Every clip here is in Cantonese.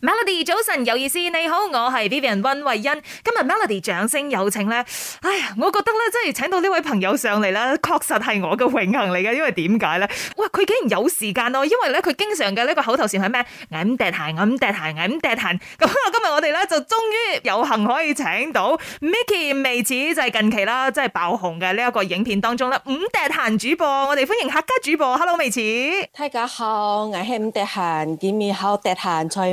Melody 早晨，有意思，你好，我係 Vivian 溫慧欣。今日 Melody 掌聲有請咧，哎呀，我覺得咧真係請到呢位朋友上嚟啦，確實係我嘅榮幸嚟嘅。因為點解咧？哇，佢竟然有時間咯，因為咧佢經常嘅呢個口頭禪係咩？咁疊彈，咁疊彈，咁疊彈。咁啊，今日我哋咧就終於有幸可以請到 Miki 未遲，就係近期啦，即係爆紅嘅呢一個影片當中啦。五笛彈主播，我哋歡迎客家主播，Hello 未遲。大家好，我係五笛彈，見面好疊彈，菜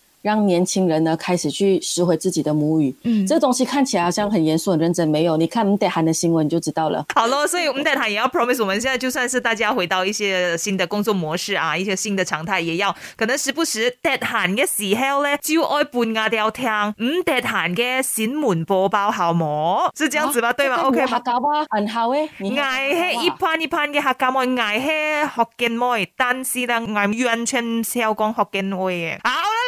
讓年輕人呢開始去拾回自己的母語，嗯，這東西看起來好像很嚴肅、很認真，沒有？你看我們德韓的新聞你就知道了。好咯，所以我們德韓也要 promise，我們現在就算是大家回到一些新的工作模式啊，一些新的常態，也要可能時不時德韓的時候呢就愛播阿都要聽，嗯，德韓的新聞播報，好冇？是這樣子吧？對吧？OK 嗎？學教啊，然後咧，挨起 Okay 嗎，一班一班嘅客家妹，挨起學客家話，但是咧挨完全唔識講客家話。好啦。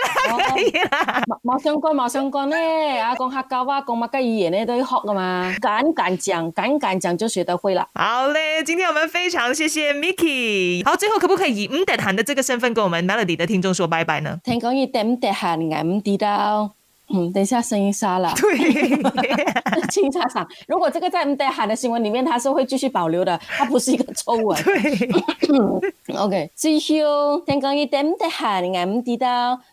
冇相干，冇相干。咧、oh, Yeah.，講客家話，講乜嘢語言都要學噶嘛。敢敢講，敢敢講就學得會啦。好嘞，今天我們非常謝謝 Micky。好，最後可不可以以唔得閒的這個身份，跟我們 n e l d y 的聽眾說拜拜呢？聽講你得唔得閒，唔知道。嗯，等一下聲音沙啦。對， 清沙嗓。如果這個在唔得閒的新聞裏面，它是會繼續保留的，它不是一個醜聞。對 o K、okay，最後聽講你得唔得閒，唔知道。嗯嗯